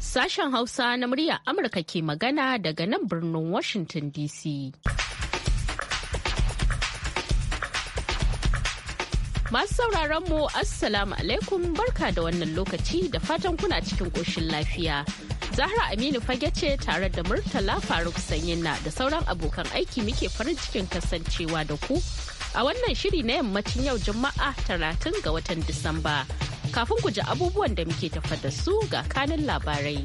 Sashen Hausa na murya Amurka ke magana daga nan birnin Washington DC. Masu sauraron mu Assalamu alaikum barka da wannan lokaci da fatan kuna cikin ƙoshin lafiya. Zahra Aminu fage ce tare da Murtala Faruk Sanyina da sauran abokan aiki muke farin cikin kasancewa da ku a wannan shiri na yammacin yau Juma'a 30 ga watan Disamba. Kafin ku ji abubuwan da muke tafa da su ga kanin labarai.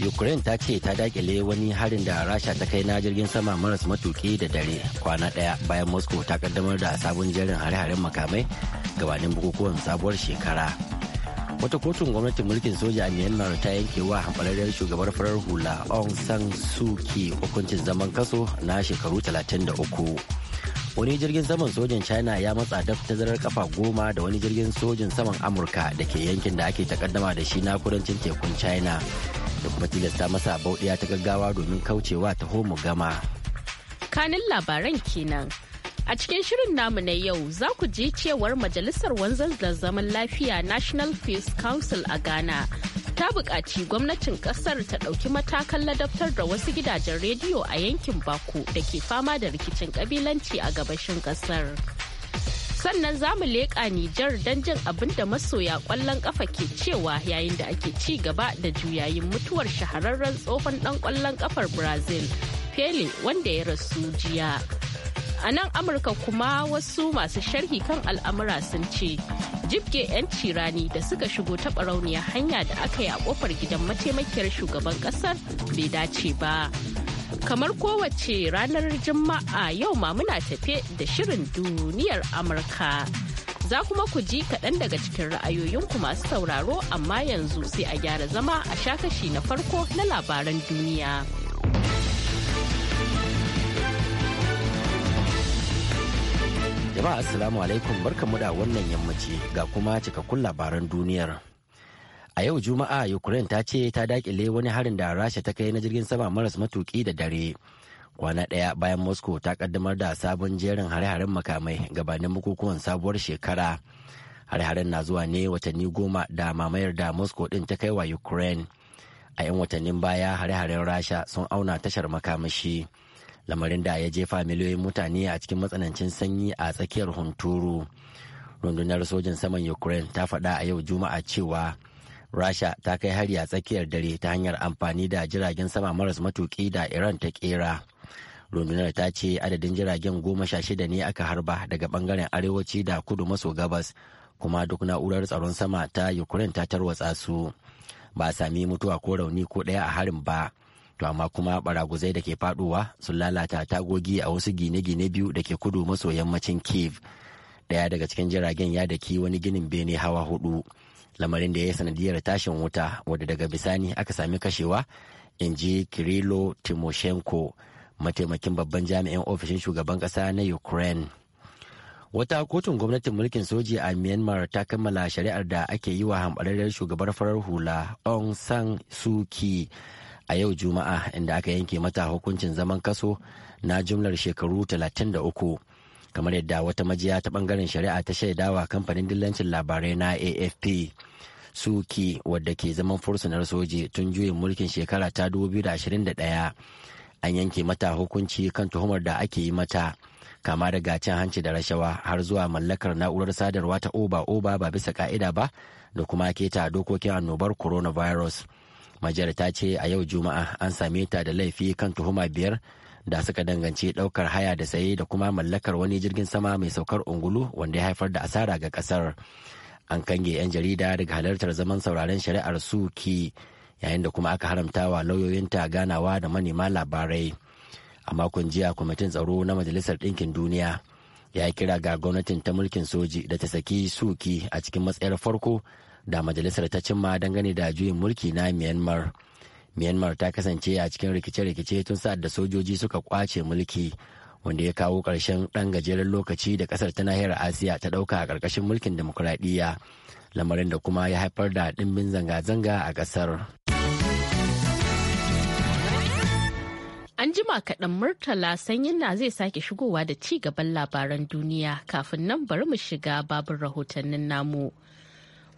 Ukraine ta ce ta dakile wani harin da Rasha ta kai na jirgin sama maras matuki da dare kwana daya. bayan Moscow ta kaddamar da sabon jerin hare-haren makamai gabanin bukukuwan sabuwar shekara. wata kotun gwamnatin mulkin soja a myanmar ta yanke wa hambararren shugabar farar hula aung san suu kyi hukuncin zaman kaso na shekaru 33 wani jirgin saman sojan china ya matsa daf tazarar kafa goma da wani jirgin sojin saman amurka da ke yankin da ake takaddama da shi na kudancin tekun china da kuma tilasta masa bauɗiya ta gaggawa domin kaucewa taho gama kanin labaran kenan A cikin shirin namu na yau za ku ji cewar Majalisar Wanzar da Zaman Lafiya National Peace Council a Ghana ta buƙaci gwamnatin ƙasar ta ɗauki matakan ladabtar da wasu gidajen rediyo a yankin Bako da ke fama da rikicin ƙabilanci a gabashin ƙasar. Sannan za mu leƙa Nijar don jin abin da masoya ƙwallon ƙafa ke cewa yayin da ake ci gaba da juyayin mutuwar shahararren tsohon ɗan ƙwallon ƙafar Brazil, Pele wanda ya rasu jiya. A nan Amurka kuma wasu masu sharhi kan al'amura sun ce, jibge 'yanci rani da suka shigo ta barauniya hanya da aka yi a kofar gidan mataimakiyar shugaban ƙasar bai dace ba. Kamar kowace ranar Juma'a yau ma muna tafe da shirin duniyar Amurka. Za kuma ku ji kaɗan daga cikin ra'ayoyinku masu sauraro amma yanzu sai a gyara zama a sha kashi na farko na labaran duniya. jama'a assalamu alaikum barkamu da wannan yammaci ga kuma cikakkun labaran duniyar a yau juma'a ukraine ta ce ta dakile wani harin da rasha ta kai na jirgin sama maras matuki da dare kwana ɗaya bayan moscow ta kaddamar da sabon jerin hare-haren makamai gabanin bukukuwan sabuwar shekara hare-haren na zuwa ne watanni goma da mamayar da moscow ɗin ta kai wa ukraine a 'yan watannin baya hare-haren rasha sun auna tashar makamashi lamarin da ya jefa miliyoyin mutane a cikin matsanancin sanyi a tsakiyar hunturu rundunar sojin saman ukraine ta faɗa a yau juma'a cewa rasha ta kai hari a tsakiyar dare ta hanyar amfani da jiragen sama maras matuki da iran ta kera rundunar ta ce adadin jiragen goma sha shida ne aka harba daga bangaren arewaci da kudu maso gabas kuma duk na'urar tsaron sama ta ukraine ta tarwatsa su ba a sami mutuwa ko rauni ko ɗaya a harin ba to amma kuma baraguzai da ke faduwa sun lalata tagogi a wasu gine-gine biyu da ke kudu maso yammacin kiev daya daga cikin jiragen ya daki wani ginin bene hawa hudu lamarin da ya yi sanadiyar tashin wuta wadda daga bisani aka sami kashewa in ji kirilo timoshenko mataimakin babban jami'in ofishin shugaban kasa na ukraine wata kotun gwamnatin mulkin soji a myanmar ta kammala shari'ar da ake yi wa hambararren shugabar farar hula aung san suu kyi a yau juma'a inda aka yanke mata hukuncin zaman kaso na jumlar shekaru 33 kamar yadda wata majiya ta bangaren shari'a ta shaidawa kamfanin dillancin labarai na afp suki wadda ke zaman fursunar soji tun juyin mulkin shekara ta 2021 an yanke mata hukunci kan tuhumar da ake yi mata kama daga cin hanci da rashawa har zuwa mallakar na'urar sadarwa ta oba oba ba bisa ka'ida ba da kuma keta dokokin annobar coronavirus. majiyar ta ce a yau juma'a an same ta da laifi kan tuhuma biyar da suka danganci daukar haya da saye da kuma mallakar wani jirgin sama mai saukar ungulu wanda ya haifar da asara ga kasar an kange 'yan jarida daga halartar zaman sauraren shari'ar suki yayin da kuma aka haramtawa lauyoyinta ganawa da manema labarai a makon jiya kwamitin tsaro na majalisar ɗinkin duniya ya kira ga gwamnatin ta mulkin soji da ta saki suki a cikin matsayar farko da majalisar ta cimma dangane da juyin mulki na myanmar myanmar ta kasance a cikin rikice-rikice tun sa'ad da sojoji suka kwace mulki wanda ya kawo ƙarshen ɗan gajeren lokaci da ƙasar ta nahiyar asiya ta ɗauka a ƙarƙashin mulkin demokuraɗiyya lamarin da kuma ya haifar da ɗimbin zanga-zanga a ƙasar. An jima kaɗan Murtala sanyin na zai sake shigowa da ci gaban labaran duniya kafin nan bari mu shiga babin rahotannin namu.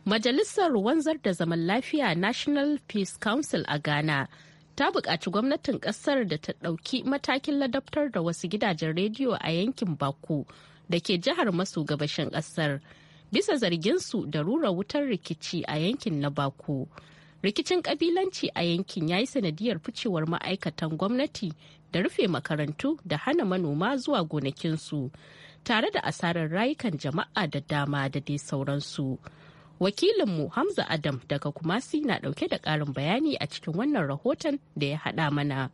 Majalisar wanzar da zaman lafiya National Peace Council a Ghana ta buƙaci gwamnatin ƙasar da ta ɗauki matakin ladabtar da wasu gidajen rediyo a yankin Baku da ke jihar maso gabashin ƙasar bisa zarginsu da rura wutar rikici a yankin na Baku. Rikicin ƙabilanci a yankin ya yi sanadiyar ficewar ma'aikatan gwamnati da rufe makarantu da hana manoma zuwa gonakinsu tare da asarar rayukan jama'a da dama da dai sauransu. Wakilinmu Hamza Adam daga Kumasi na dauke da karin bayani a cikin wannan rahoton da ya hada mana.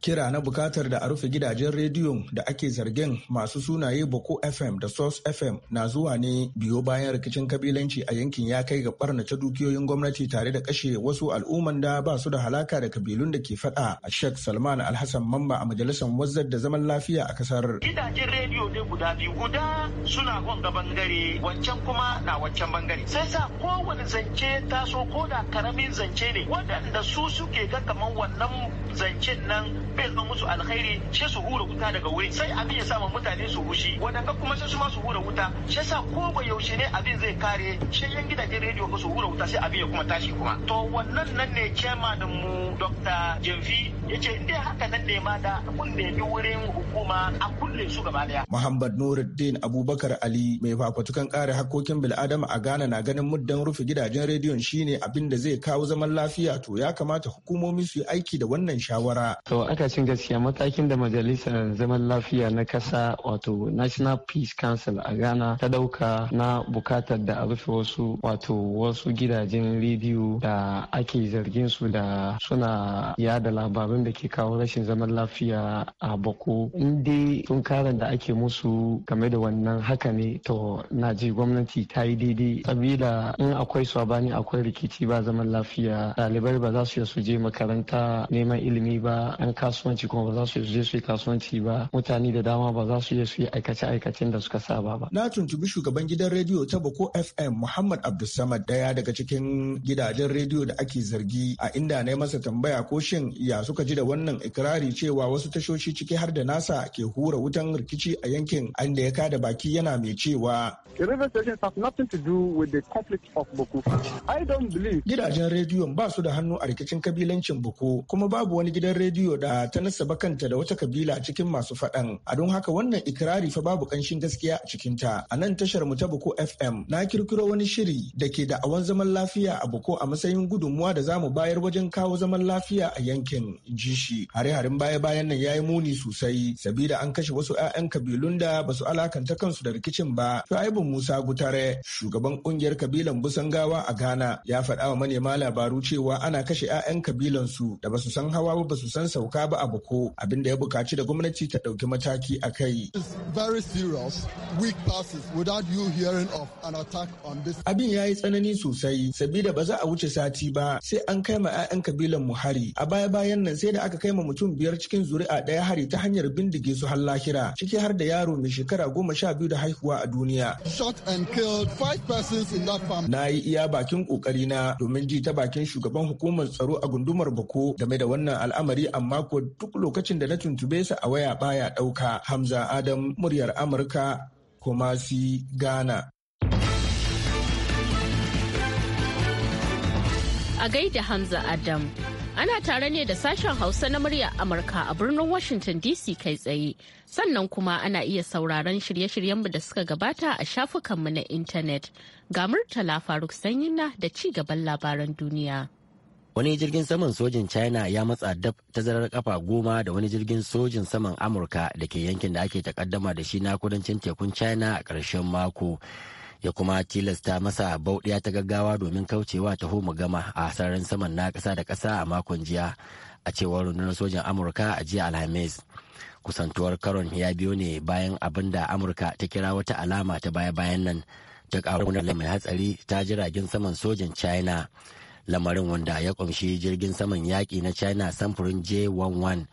kira na bukatar da a rufe gidajen rediyon da ake zargin masu sunaye boko fm da source fm na zuwa ne biyo bayan rikicin kabilanci a yankin ya kai ga barnace dukiyoyin gwamnati tare da kashe wasu al'umman da ba su da halaka da kabilun da ke fada a sheikh salman alhassan mamba a majalisar wazzar da zaman lafiya a kasar gidajen rediyo ne guda biyu guda suna wanga bangare wancan kuma na wancan bangare sai sa kowane zance taso ko karamin zance ne waɗanda su suke ga kamar wannan zancen nan bai zama musu alkhairi sai su hura wuta daga wuri sai abin ya sama mutane su hushi wadanda kuma sai su ma su hura wuta sai sa ko ba yaushe ne abin zai kare sai yan gidajen rediyo ba su hura wuta sai abin ya kuma tashi kuma to wannan nan ne chairman mu Dr. jenfi yace inda haka nan ne ma da kunne bi wurin hukuma a kulle su gaba daya Muhammad Nuruddin Abubakar Ali mai fafatukan kare hakkokin bil'adama a Ghana na ganin muddan rufe gidajen rediyon shine abin da zai kawo zaman lafiya to ya kamata hukumomi su yi aiki da wannan shawara iyakacin gaskiya matakin da majalisar zaman lafiya na kasa wato national peace council a ghana ta dauka na bukatar da a rufe wasu wato wasu gidajen rediyo da ake zargin su da suna yada labarun da ke kawo rashin zaman lafiya a bako in dai sun karan da ake musu game da wannan haka ne to na ji gwamnati ta yi daidai sabida in akwai sabani akwai rikici ba zaman lafiya ɗalibai ba za su iya su je makaranta neman ilimi ba an kasuwanci kuma ba za su je su yi kasuwanci ba mutane da dama ba za su je su yi aikace-aikacen da suka saba ba. Na tuntubi shugaban gidan rediyo ta Bako FM Muhammad Abdulsamad daya daga cikin gidajen rediyo da ake zargi a inda na masa tambaya ko shin ya suka ji da wannan ikirari cewa wasu tashoshi ciki har da nasa ke hura wutan rikici a yankin an da ya kada baki yana mai cewa. Gidajen rediyon ba su da hannu a rikicin kabilancin Boko kuma babu wani gidan rediyo da ta nasaba kanta da wata kabila cikin masu faɗan. A don haka wannan ikirari fa babu ƙanshin gaskiya a cikin ta. A nan tashar mu ta Buko FM na kirkiro wani shiri da ke da awan zaman lafiya a Buko a matsayin gudunmuwa da zamu bayar wajen kawo zaman lafiya a yankin Jishi. Hare-haren baya-bayan nan ya yi muni sosai sabida an kashe wasu 'ya'yan kabilun da ba su alakanta kansu da rikicin ba. Shu'aibun Musa Gutare, shugaban kungiyar kabilan Busangawa a Ghana, ya faɗa wa manema labaru cewa ana kashe 'ya'yan kabilansu. da ba su san hawa ba su san sauka ba Abuko abin da ya bukaci da gwamnati ta ɗauki mataki a kai. Abin ya yi tsanani sosai sabida ba za a wuce sati ba sai an kai ma 'ya'yan kabilan mu hari. A baya-bayan nan sai da aka kai ma mutum biyar cikin zuri'a ɗaya hari ta hanyar bindige su har lahira ciki har da yaro mai shekara goma sha biyu da haihuwa a duniya. Na yi iya bakin kokari na domin ji ta bakin shugaban hukumar tsaro a gundumar Bako game da wannan al'amari amma ko duk lokacin da na tuntube su a waya baya ɗauka Hamza Adam muryar Amurka Kumasi Ghana. A gaida Hamza Adam. Ana tare ne da sashen Hausa na murya Amurka a birnin Washington DC kai tsaye. Sannan kuma ana iya sauraron shirye-shiryenmu da suka gabata a shafukanmu na intanet. Ga Murtala Faruk Sanyina da ci gaban labaran duniya. wani jirgin saman sojin china ya matsa dab tazarar kafa goma da wani jirgin sojin saman amurka da ke yankin da ake takaddama da shi na kudancin tekun china a ƙarshen mako ya kuma tilasta masa bauɗiya ta gaggawa domin kaucewa taho gama a sararin saman na ƙasa da ƙasa a makon jiya a cewar rundunar sojin amurka a jiya alhamis kusantuwar karon ya biyo ne bayan abin da amurka ta kira wata alama ta baya-bayan nan ta ƙarunar mai hatsari ta jiragen saman sojin china lamarin wanda ya kumshi jirgin saman yaƙi na china samfurin j-11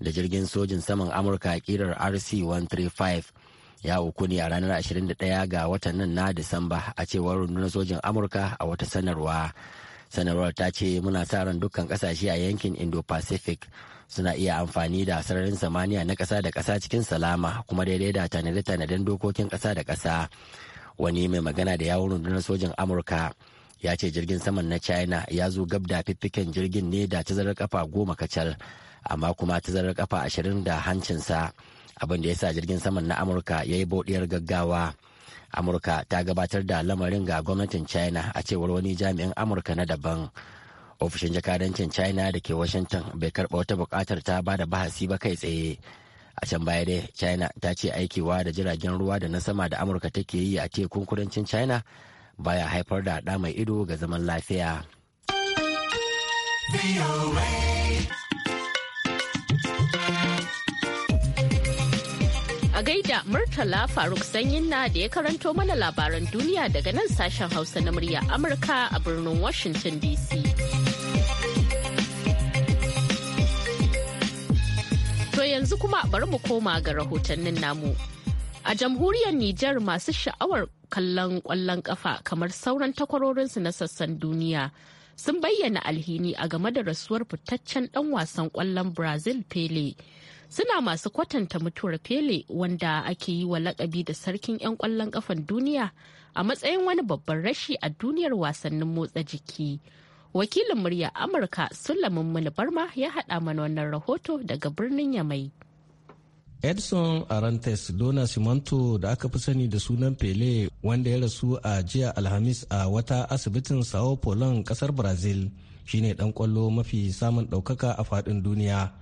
da jirgin sojin saman amurka kirar rc-135 ya uku ne a ranar 21 ga watan nan na disamba a cewar rundunar sojin amurka a wata sanarwa sanarwar ta ce muna sa ran dukkan kasashe a yankin indo-pacific suna iya amfani da sararin samaniya na ƙasa da ƙasa cikin salama kuma daidai da tanade-tanaden dokokin ƙasa da ƙasa wani mai magana da yawon rundunar sojin amurka ya ce jirgin saman na china ya zo gab da fiffiken jirgin ne da tazarar kafa goma kacal amma kuma tazarar kafa ashirin da hancinsa abinda da ya sa jirgin saman na amurka ya yi bauɗiyar gaggawa amurka ta gabatar da lamarin ga gwamnatin china a cewar wani jami'in amurka na daban ofishin jakadancin china da ke washington bai karɓa wata bukatar ta ba da bahasi ba kai tsaye a can baya dai china ta ce aikewa da jiragen ruwa da na sama da amurka take yi a tekun kudancin china baya haifar da ɗa mai ido ga zaman lafiya. A gaida Murtala Faruk Sanyinna da ya karanto mana labaran duniya daga nan sashen Hausa na murya Amurka a birnin Washington DC. To yanzu kuma bari mu koma ga rahotannin namu. A jamhuriyar Nijar masu sha'awar kallon ƙwallon ƙafa kamar sauran takwarorinsu na sassan duniya sun bayyana alhini a game da rasuwar fitaccen ɗan wasan ƙwallon Brazil Pele. Suna masu kwatanta mutuwar Pele wanda ake yi wa lakabi da sarkin 'yan ƙwallon ƙafan duniya a matsayin wani babban rashi a duniyar wasannin motsa jiki. Wakilin murya Amurka Sulaiman Barma ya haɗa mana wannan rahoto daga birnin Yamai. Edson Arantes Dona Simanto da aka fi sani da sunan Pele wanda ya rasu a jiya Alhamis a wata asibitin Sao Paulo kasar Brazil shine dan kwallo mafi samun daukaka a fadin duniya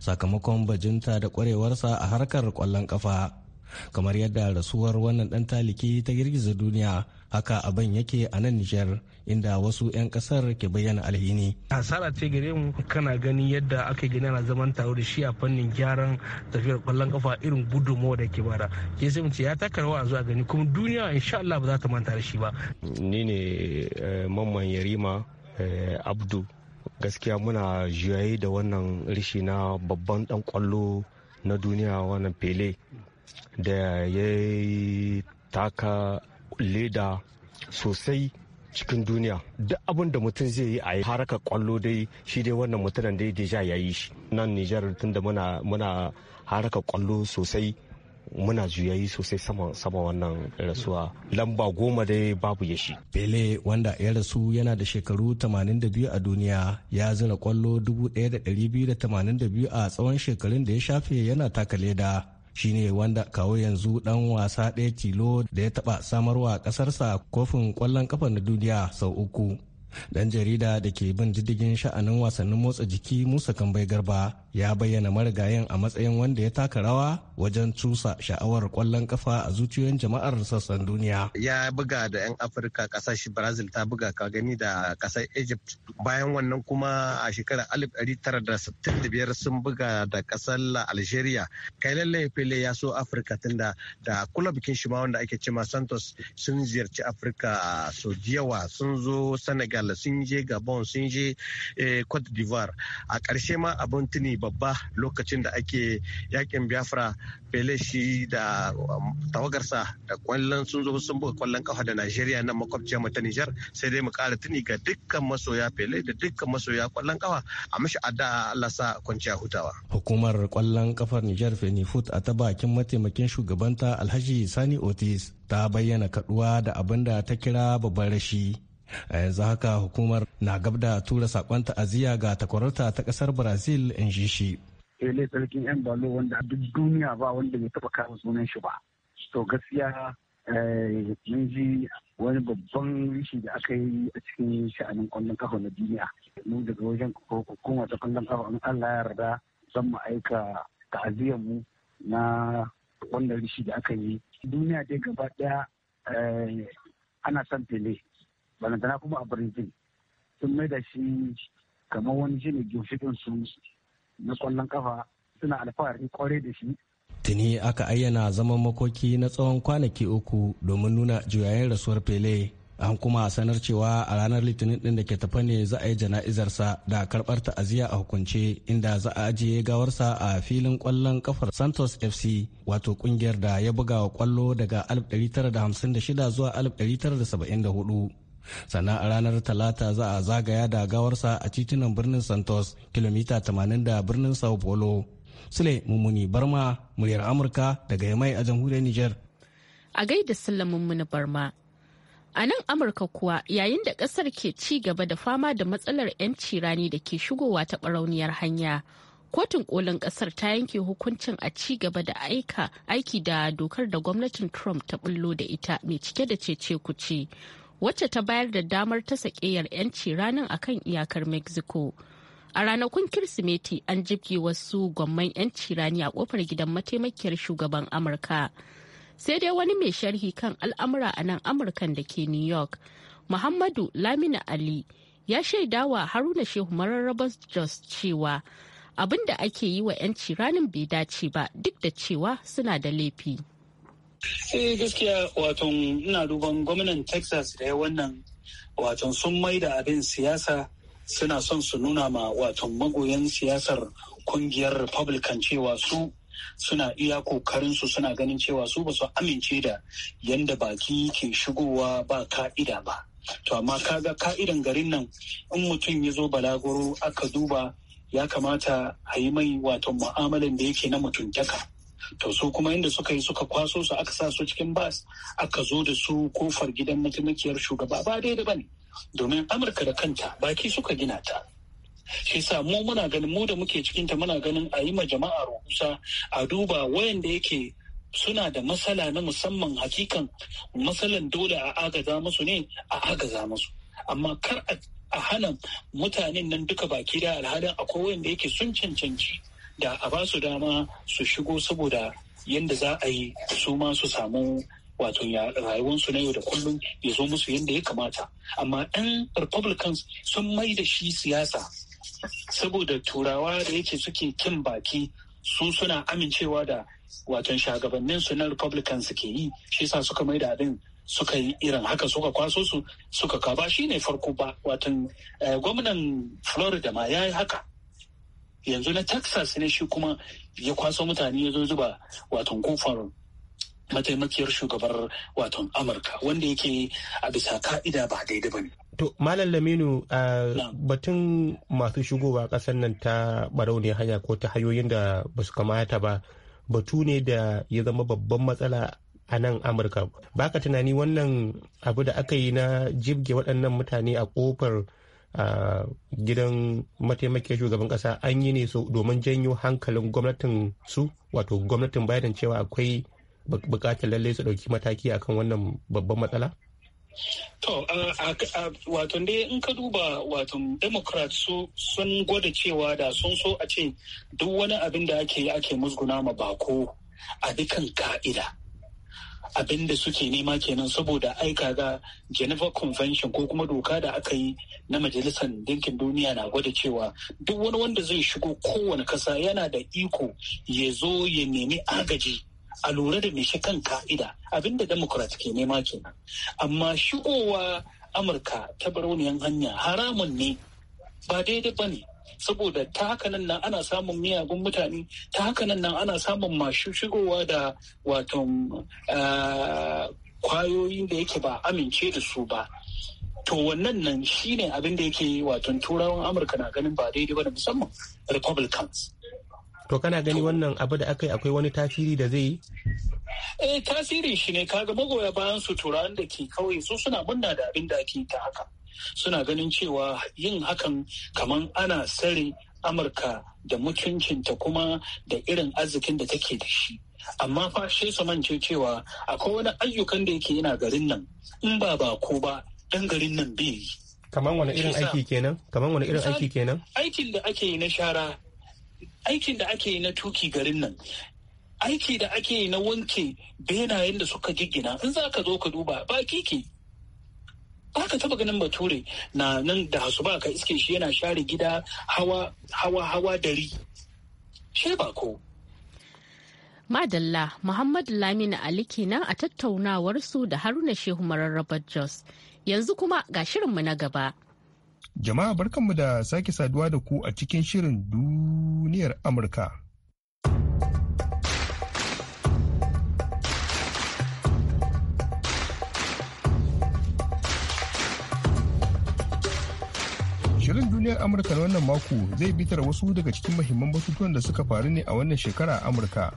sakamakon bajinta da kwarewarsa a harkar kwallon kafa Kamar yadda rasuwar wannan dan taliki ta girgiza duniya haka abin yake a nan nijar inda wasu 'yan kasar ke bayyana alhini hasara ce gare mu kana gani yadda aka gina na zaman taro da shi a fannin gyaran tafiyar kwallon kafa irin gudunmawa da ke bara ke sai mu ce ya taka rawa a zuwa gani kuma duniya insha Allah ba za ta manta da shi ba ni ne eh, mamman yarima eh, abdu gaskiya muna juyayi da wannan rishi na babban dan kwallo na duniya wannan pele da ya taka leda sosai cikin duniya duk abin da mutum zai yi a haraka kwallo dai shi dai wannan mutumin dai deja ya yi shi nan nijar tun da muna haraka kwallo sosai muna juyayi sosai sama sama wannan rasuwa lamba goma dai babu ya shi. bele wanda ya rasu yana da shekaru 82 a duniya ya zira kwallo 1282 a tsawon shekarun da ya shafe yana taka leda. shine wanda kawo yanzu dan wasa ɗaya tilo da ya taɓa samarwa ƙasarsa kofin ƙwallon ƙafa na duniya sau uku dan jarida da ke bin diddigin sha'anin wasannin motsa jiki musa kambai garba ya bayyana marigayen a matsayin wanda ya taka rawa wajen cusa sha'awar kwallon kafa a zuciyoyin jama'ar sassan duniya ya buga da 'yan afirka kasar brazil ta buga ka gani da kasar egypt bayan wannan kuma a shekarar 1965 sun buga da kasar algeria kai lallai pele ya so afirka tunda da kula bikin shi ma wanda ake cima santos sun ziyarci afirka sau jiyawa sun zo senegal senegal sun je gabon sun je eh, cote d'ivoire a ƙarshe ma abin tuni babba lokacin da ake yakin biafra pele shi da um, tawagarsa da kwallon sun zo sun buga kwallon kafa da nigeria na makwabciya ta nijar sai dai mu ƙara tuni ga dukkan masoya pele da dukkan masoya kwallon kafa a mashi adda allah sa kwanciya hutawa hukumar kwallon kafar nijar fenifut a ta bakin mataimakin shugabanta alhaji sani otis ta bayyana kaduwa da abin da ta kira babban rashi a yanzu haka hukumar na gab da tura sakon ta'aziyya ga takwararta ta kasar brazil in ji shi ele eh, sarkin yan balo wanda duk duniya ba wanda bai taba kawo sunan shi ba to gaskiya eh, mun ji wani babban rishi da aka yi a cikin sha'anin kwallon kafa na duniya mu daga wajen hukumar ta kwallon kafa in allah ya yarda zan mu aika ta'aziyyar mu na wannan rishi da aka yi duniya dai gaba daya eh, ana son fele balantana kuma a birnin sun mai da shi kamar wani shi ne ginshiƙin su na kwallon kafa suna alfahari kwarai da shi tuni aka ayyana zaman makoki na tsawon kwanaki uku domin nuna juyayen rasuwar pele an kuma sanar cewa a ranar litinin din da ke tafa ne za a yi jana'izarsa da karbar ta'aziyya a hukunce inda za a ajiye gawarsa a filin kwallon kafar santos fc wato kungiyar da ya buga wa kwallo daga 1956 zuwa 1974 sannan a ranar talata za a zagaya da gawarsa a titunan birnin santos kilomita 80 da birnin sao paulo sule mummuni barma muryar amurka daga yamai a jamhuriyar niger a gaida sallamin mummuni barma a nan amurka kuwa yayin da kasar ke ci gaba da fama da matsalar 'yanci rani da ke shigowa ta barauniyar hanya kotun kolin kasar ta yanke hukuncin a ci gaba da aika aiki da dokar da gwamnatin trump ta bullo da ita mai cike da cece kuce wacce ta bayar da damar ta sakeyar 'yanci ranar akan iyakar mexico a ranakun kirsimeti an jibge wasu gwamman 'yanci rani a kofar gidan mataimakiyar shugaban amurka sai dai wani mai sharhi kan al'amura a nan amurkan da ke new york muhammadu lamina ali ya shaidawa haruna shehu mararrabar jos cewa abin ake yi wa 'yanci ranin bai dace ba duk da cewa suna da laifi. sai eh, gaskiya waton ina duban gwamnan texas da ya wannan waton sun da abin siyasa suna son su nuna ma waton magoyan siyasar kungiyar republican cewa su suna iya kokarin su suna ganin cewa su ba su amince da yadda baki ke shigowa ba ka'ida ba to amma kaga ka'idan garin nan in mutum ya zo balagoro aka duba ya kamata a yi mai wato mu'amalan da yake na mutuntaka to su kuma inda suka yi suka kwaso su aka sa su cikin bas aka zo da su kofar gidan mataimakiyar shugaba ba dai da bane domin amurka da kanta baki suka gina ta shi sa mu muna ganin mu da muke cikin ta muna ganin a yi ma jama'a rubusa a duba wayanda yake suna da matsala na musamman hakikan matsalan dole a agaza musu ne a agaza musu amma kar a hana mutanen nan duka baki da alhalin akwai wayanda yake sun cancanci da a ba su dama su shigo saboda yadda za a yi su ma su samu wato rayuwarsu na yau da kullum ya zo musu yadda ya kamata amma ɗan republicans sun mai da shi siyasa saboda turawa da yake suke kin baki su suna amincewa da watan shagabannin su na republicans suke yi shi sa suka mai da abin suka yi irin haka suka kwaso su suka kaba shi ne farko ba watan eh, gwamnan florida ma ya yi haka yanzu na texas ne shi kuma ya kwaso mutane ya zo zuba wato kofar mataimakiyar shugabar waton amurka wanda yake a bisa ka'ida ba daidai ba ne to malam laminu batun masu shigowa kasar nan ta barau ne hanya ko ta hanyoyin da ba su kamata ba batu ne da ya zama babban matsala a nan amurka baka tunani wannan abu da aka yi na jibge waɗannan mutane a kofar a gidan mataimakin shugaban kasa an yi ne domin janyo hankalin gwamnatin su wato gwamnatin biden cewa akwai bukatar lallai su dauki mataki akan wannan babban matsala To, wato dai in ka duba wato Democrats su sun gwada cewa da sun so a ce duk wani abin da ake yi ake musguna ma bako a dukan ka'ida. abin da suke nema kenan saboda aika ga Geneva Convention ko kuma doka da aka yi na Majalisar Dinkin Duniya na gwada cewa duk wani wanda zai shigo kowane kasa yana da iko ya zo ya nemi agaji a lura da shi kan ka'ida abin da Democrat ke nema kenan. Amma shigowa Amurka ta barauniyan hanya haramun ne ba daidai ba ne saboda ta hakanan nan ana samun miyagun mutane ta hakanan nan ana samun masu shigowa da waton eh, kwayoyin da yake ba amince da su ba to wannan nan shine abin da yake waton turawan amurka na ganin ba daidai ba da musamman republicans to kana gani wannan abu da aka yi akwai wani tasiri da zai yi eh tasirin shi ne kaga magoya bayan su turawan da ke kawai su suna munna da abin da ake ta haka suna ganin cewa yin hakan kamar ana sare amurka da mutuncinta kuma da irin arzikin da take da shi amma fa shi su mance cewa akwai wani ayyukan da yake yana garin nan in ba ba ko ba dan garin nan bai yi kamar wani irin aiki kenan kamar wani irin aiki kenan aikin da ake yi na shara aikin da ake yi na tuki garin nan aiki da ake yi na wanke benayen da suka giggina in za ka zo ka duba ba ke. ba ka taba ganin bature na nan da hasu ba ka iske shi yana share gida hawa hawa hawa dari shi ba ko madalla muhammadu lamina ali kenan a tattaunawar su da haruna shehu mararraba jos yanzu kuma ga shirin mu na gaba jama'a barkanmu da sake saduwa da ku a cikin shirin duniyar amurka Shirin duniyar Amurka na wannan mako zai bitar wasu daga cikin mahimman batutuwan da suka faru ne a wannan shekara a Amurka.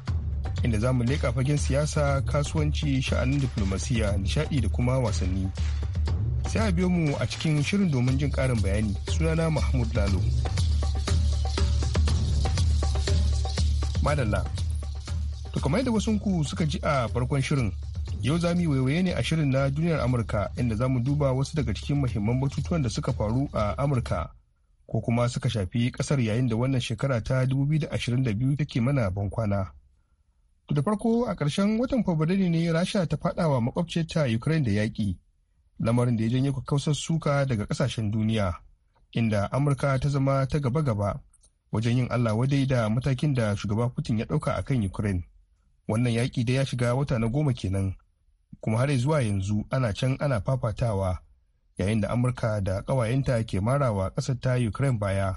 Inda za mu leƙa fagen siyasa, kasuwanci, sha'anin diplomasiya, nishaɗi da kuma wasanni. Sai a biyo mu a cikin shirin domin jin ƙarin bayani. Sunana Mahmud Lalo. Madalla. To kamar yadda wasunku suka ji a farkon shirin Yau za mu waiwaye ne a shirin na duniyar Amurka inda za mu duba wasu daga cikin muhimman batutuwan da suka faru a Amurka ko kuma suka shafi kasar yayin da wannan shekara ta 2022 take mana bankwana. Da farko a ƙarshen watan Fabrairu ne Rasha ta faɗawa makwabcinta Ukraine da yaƙi, lamarin da ya janye kakkausar suka daga ƙasashen duniya, inda Amurka ta zama ta gaba-gaba wajen yin Allah wadai da matakin da shugaba Putin ya ɗauka a kan Ukraine. Wannan yaƙi da ya shiga wata na goma kenan, kuma har zuwa yanzu ana can ana fafatawa yayin da amurka da kawayenta ke marawa ƙasar ta ukraine baya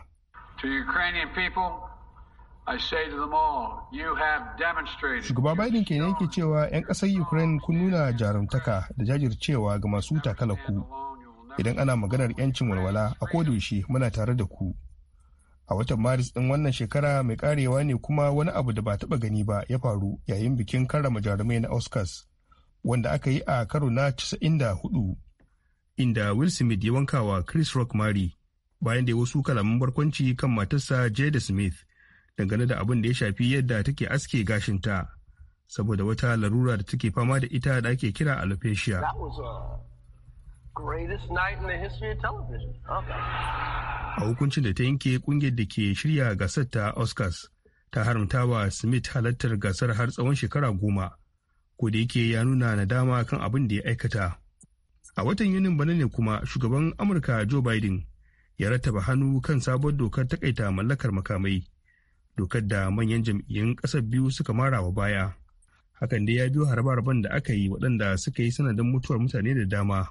Shugaba Biden ne yake cewa 'yan ƙasar Ukraine kun nuna jarumtaka da jajircewa ga masu takalaku. Idan ana maganar 'yancin walwala a kodayaushe muna tare da ku. A watan Maris ɗin wannan shekara mai karewa ne kuma wani abu da ba taɓa gani ba ya faru yayin bikin karrama jarumai na Oscars. wanda aka yi a karo na 94 inda Will Smith ya wanka wa Chris Rock mari bayan da ya wasu kalaman barkwanci kan matarsa Jada Smith dangane da abin da ya shafi yadda take aske gashinta saboda wata larura da take fama da ita da ake kira alopecia. Uh, a hukuncin da ta yanke kungiyar da ke shirya gasar ta Oscars ta haramta wa Smith halartar gasar har tsawon shekara goma ko da yake ya nuna nadama kan abin da ya aikata a watan yunin bana ne kuma shugaban amurka joe biden ya rattaba hannu kan sabon dokar takaita mallakar makamai dokar da manyan jam'iyyun ƙasar biyu suka mara wa baya hakan dai ya biyo harbe-harben da aka yi waɗanda suka yi sanadin mutuwar mutane da dama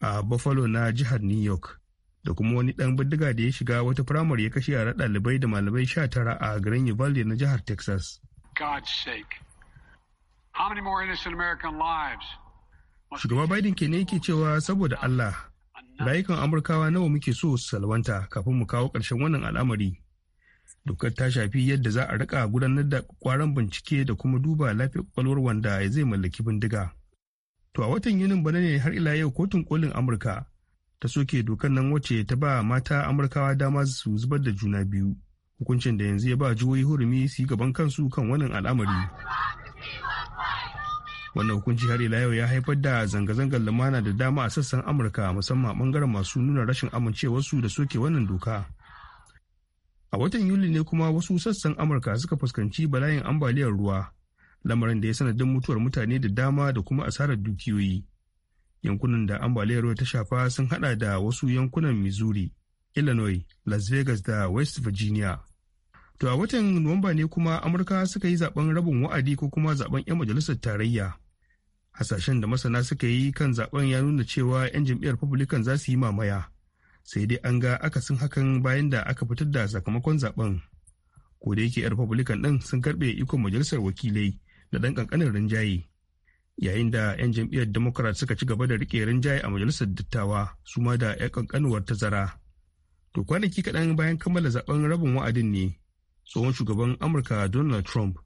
a buffalo na jihar new york da kuma wani ɗan bindiga da ya shiga wata firamare ya kashe yara ɗalibai da malamai sha tara a garin na jihar texas Shugaba Biden ke ne yake cewa saboda Allah rayukan Amurkawa nawa muke so su salwanta kafin mu kawo ƙarshen wannan al'amari. Dokar ta shafi yadda za a riƙa gudanar da kwaran bincike da kuma duba lafiyar kwakwalwar wanda ya zai mallaki bindiga. To a watan Yunin bana ne har ila yau kotun kolin Amurka ta soke dokar nan wacce ta ba mata Amurkawa dama su zubar da juna biyu. Hukuncin da yanzu ya ba jihohi hurumi su yi gaban kansu kan wannan al'amari. wannan hukunci har ila yau ya haifar da zanga-zangar lumana da dama a sassan amurka musamman a bangaren masu nuna rashin amincewarsu da soke wannan doka a watan yuli ne kuma wasu sassan amurka suka fuskanci bala'in ambaliyar ruwa lamarin da ya sanadin mutuwar mutane da dama da kuma asarar dukiyoyi yankunan da ambaliyar ruwa ta shafa sun hada da wasu yankunan missouri illinois las vegas da west virginia to a watan nuwamba ne kuma amurka suka yi zaben rabin wa'adi ko kuma zaben 'yan majalisar tarayya hasashen da masana suka yi kan zaben ya nuna cewa 'yan jam'iyyar republican za su yi mamaya sai dai an ga akasin hakan bayan da aka fitar da sakamakon zaben ko da yake 'yan republican din sun karɓe ikon majalisar wakilai da ɗan ƙanƙanin rinjaye yayin da 'yan jam'iyyar democrat suka ci gaba da riƙe rinjaye a majalisar dattawa su ma da 'yan ƙanƙanuwar tazara to kwanaki kaɗan bayan kammala zaben rabin wa'adin ne tsohon shugaban amurka donald trump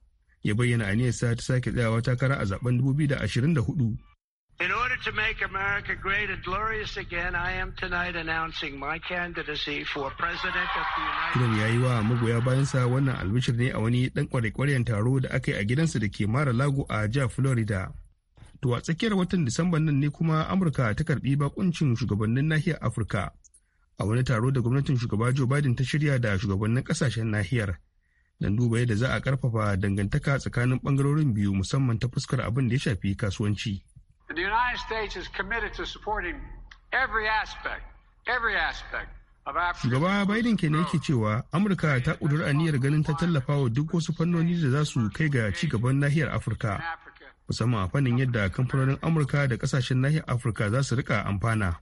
ya bayyana aniyarsa ta sake tsayawa takara a zaben 2024. In order to make America great and glorious again, I am tonight for President of the ya yi wa magoya bayansa wannan albishir ne a wani ɗan kwarekwaren taro da aka yi a gidansa da ke mara lago a jihar Florida. To a tsakiyar watan Disamban nan ne kuma Amurka ta karbi bakuncin shugabannin nahiyar Afirka. A wani taro da gwamnatin shugaba Joe Biden ta shirya da shugabannin ƙasashen nahiyar. don duba yadda za a karfafa dangantaka tsakanin bangarorin biyu musamman ta fuskar abin da ya shafi kasuwanci. The United States is committed to supporting every aspect, every aspect Shugaba Biden kenan yake cewa Amurka ta ƙudura aniyar ganin ta tallafa wa duk wasu fannoni da za su kai ga ci gaban nahiyar Afirka, musamman a fannin yadda kamfanonin Amurka da ƙasashen nahiyar Afirka za su rika amfana.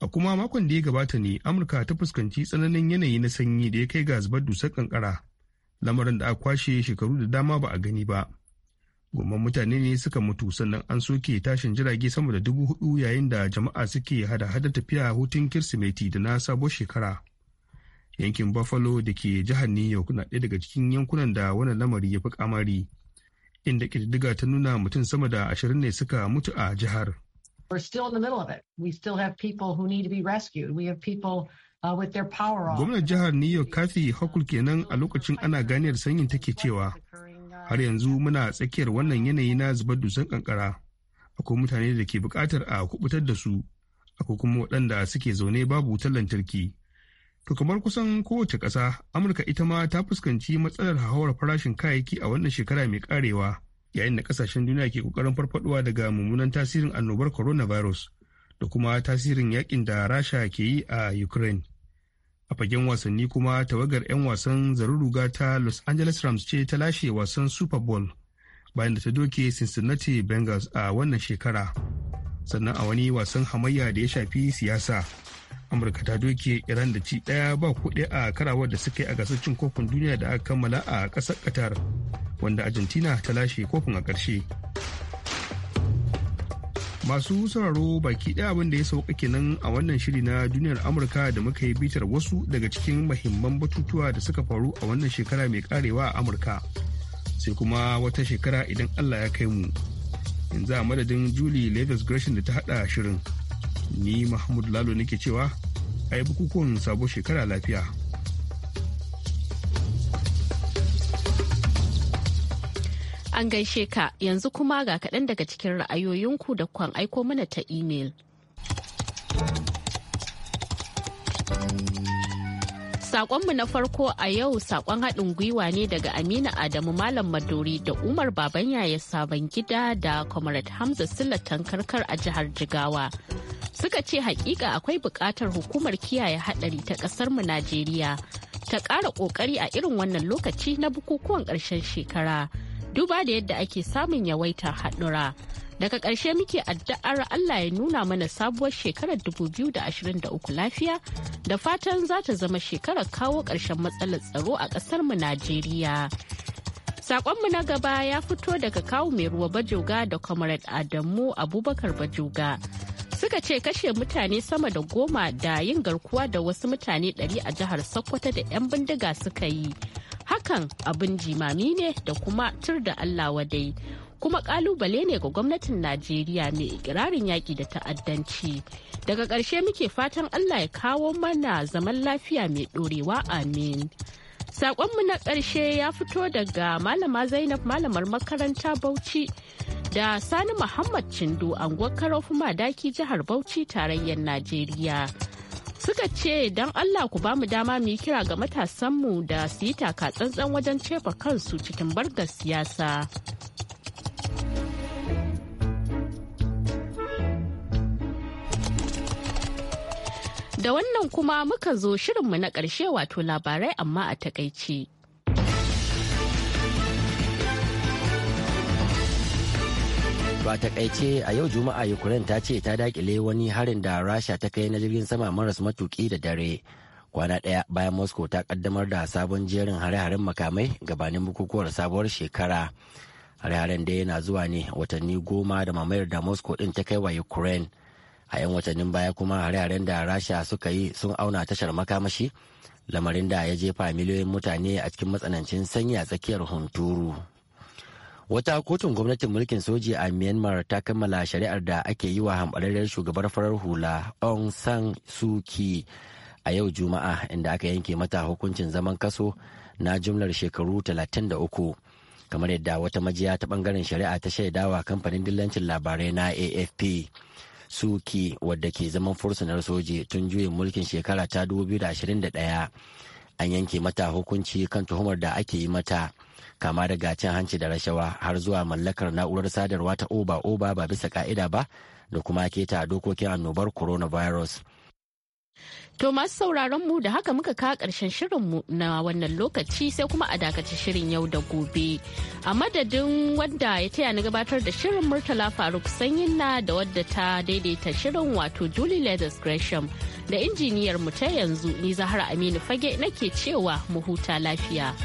A kuma makon da ya gabata ne Amurka ta fuskanci tsananin yanayi na sanyi da ya kai ga zubar dusar kankara. lamarin da a kwashe shekaru da dama ba a gani ba gomman mutane ne suka mutu sannan an soke tashin jirage sama da dubu hudu yayin da jama'a suke hada hada tafiya hutun kirsimeti da na sabuwar shekara yankin buffalo da ke jihar new york na ɗaya daga cikin yankunan da wannan lamari ya fi kamari inda ƙididdiga ta nuna mutum sama da ashirin ne suka mutu a jihar We're still in the middle be rescued. We have Uh, Gwamnan jihar New York Kathy Hochul kenan a lokacin ana ganiyar sanyin take cewa har yanzu muna tsakiyar wannan yanayi na zubar dusan kankara. Akwai mutane da ke bukatar a kubutar da su, akwai kuma waɗanda suke zaune babu wutar lantarki. To kamar kusan kowace ƙasa, Amurka ita ma ta fuskanci matsalar hauhawar farashin kayayyaki a wannan shekara mai karewa, yayin da ƙasashen duniya ke ƙoƙarin farfaɗuwa daga mummunan tasirin annobar coronavirus da kuma tasirin yakin da Rasha ke yi a Ukraine. a fagen wasanni kuma tawagar 'yan wasan zaruruga ta los angeles rams ce ta lashe wasan super bowl bayan da ta doke cincinnati bengals a wannan shekara sannan a wani wasan hamayya da ya shafi siyasa amurka ta doke iran da ci ɗaya ba kuɗi a karawar da suka yi a gasar cin kofin duniya da aka kammala a ƙasar qatar wanda argentina ta lashe kofin a ƙarshe masu sauraro baki ɗaya abin ya sauka kenan a wannan shiri na duniyar amurka da muka yi bitar wasu daga cikin mahimman batutuwa da suka faru a wannan shekara mai karewa a amurka sai kuma wata shekara idan allah ya kai mu yanzu a madadin Juli-Lagos gresham da ta hada shirin ni mahmud lalo nake cewa a yi bukukuwan sabon shekara lafiya An gaishe ka yanzu kuma ga kaɗan daga cikin ra'ayoyinku da kwan aiko mana ta imel. Sakonmu na farko a yau saƙon haɗin gwiwa ne daga Amina Adamu Malam Maduri da Umar Baban Yaya Sabon Gida da Comrade Hamza Sillatan Karkar a jihar Jigawa. Suka ce hakika akwai buƙatar hukumar kiyaye haɗari ta ƙasarmu Najeriya ta ƙara ƙoƙari a irin wannan lokaci na bukukuwan ƙarshen shekara. duba da yadda ake samun yawaitar haɗura. Daga ƙarshe muke addu'ar Allah ya nuna mana sabuwar shekarar 2023 lafiya da fatan za ta zama shekarar kawo ƙarshen matsalar tsaro a ƙasar mu Najeriya. Sakonmu na gaba ya fito daga kawu mai ruwa bajoga da comrade Adamu Abubakar bajoga. Suka ce kashe mutane sama da goma da yin garkuwa da wasu mutane ɗari a jihar Sokoto da 'yan bindiga suka yi. hakan abin jimami ne da kuma tur da allah wadai kuma kalubale ne ga gwamnatin najeriya mai ikirarin yaƙi da ta'addanci daga ƙarshe muke fatan allah ya kawo mana zaman lafiya mai ɗorewa amin saƙonmu na ƙarshe ya fito daga malama zainab malamar makaranta bauchi da sani muhammad cindo anguwar karofuma daki jihar bauchi tarayyar najeriya suka ce don Allah ku ba mu dama mu yi kira ga matasanmu da su yi taka tsantsan wajen cefa kansu cikin Barga siyasa. Da wannan kuma muka zo shirinmu na ƙarshe wato labarai amma a takaice. To a takaice a yau Juma'a Ukraine ta ce ta dakile wani harin da Rasha ta kai na jirgin sama maras matuki da dare. Kwana ɗaya bayan Moscow ta kaddamar da sabon jerin hare-haren makamai gabanin bukukuwar sabuwar shekara. Hare-haren da yana zuwa ne watanni goma da mamayar da Moscow ɗin ta kai wa Ukraine. A 'yan watannin baya kuma hare-haren da Rasha suka yi sun auna tashar makamashi lamarin da ya jefa miliyoyin mutane a cikin matsanancin sanyi a tsakiyar hunturu. Wata kotun gwamnatin mulkin soji a Myanmar ta kammala shari'ar da ake yi wa hambararren shugabar farar hula Aung San Suu a yau Juma'a inda aka yanke mata hukuncin zaman kaso na jumlar shekaru 33. kamar yadda wata majiya ta bangaren shari'a ta shaidawa kamfanin dillancin labarai na afp suki wadda ke zaman fursunar soji tun juyin mulkin shekara ta 2021 an yanke mata hukunci kan tuhumar da ake yi mata kama daga cin hanci da rashawa har zuwa mallakar na'urar sadarwa ta oba oba ba bisa ka'ida ba da kuma keta dokokin annobar coronavirus. To masu sauraron mu da haka muka kawo ƙarshen shirinmu na wannan lokaci sai kuma a dakace shirin yau da gobe. A madadin wanda ya taya ni gabatar da shirin Murtala Faruk na da wadda ta daidaita shirin wato Julie Leathers Gresham da injiniyar mu ta yanzu ni Zahra Aminu Fage nake cewa mu huta lafiya.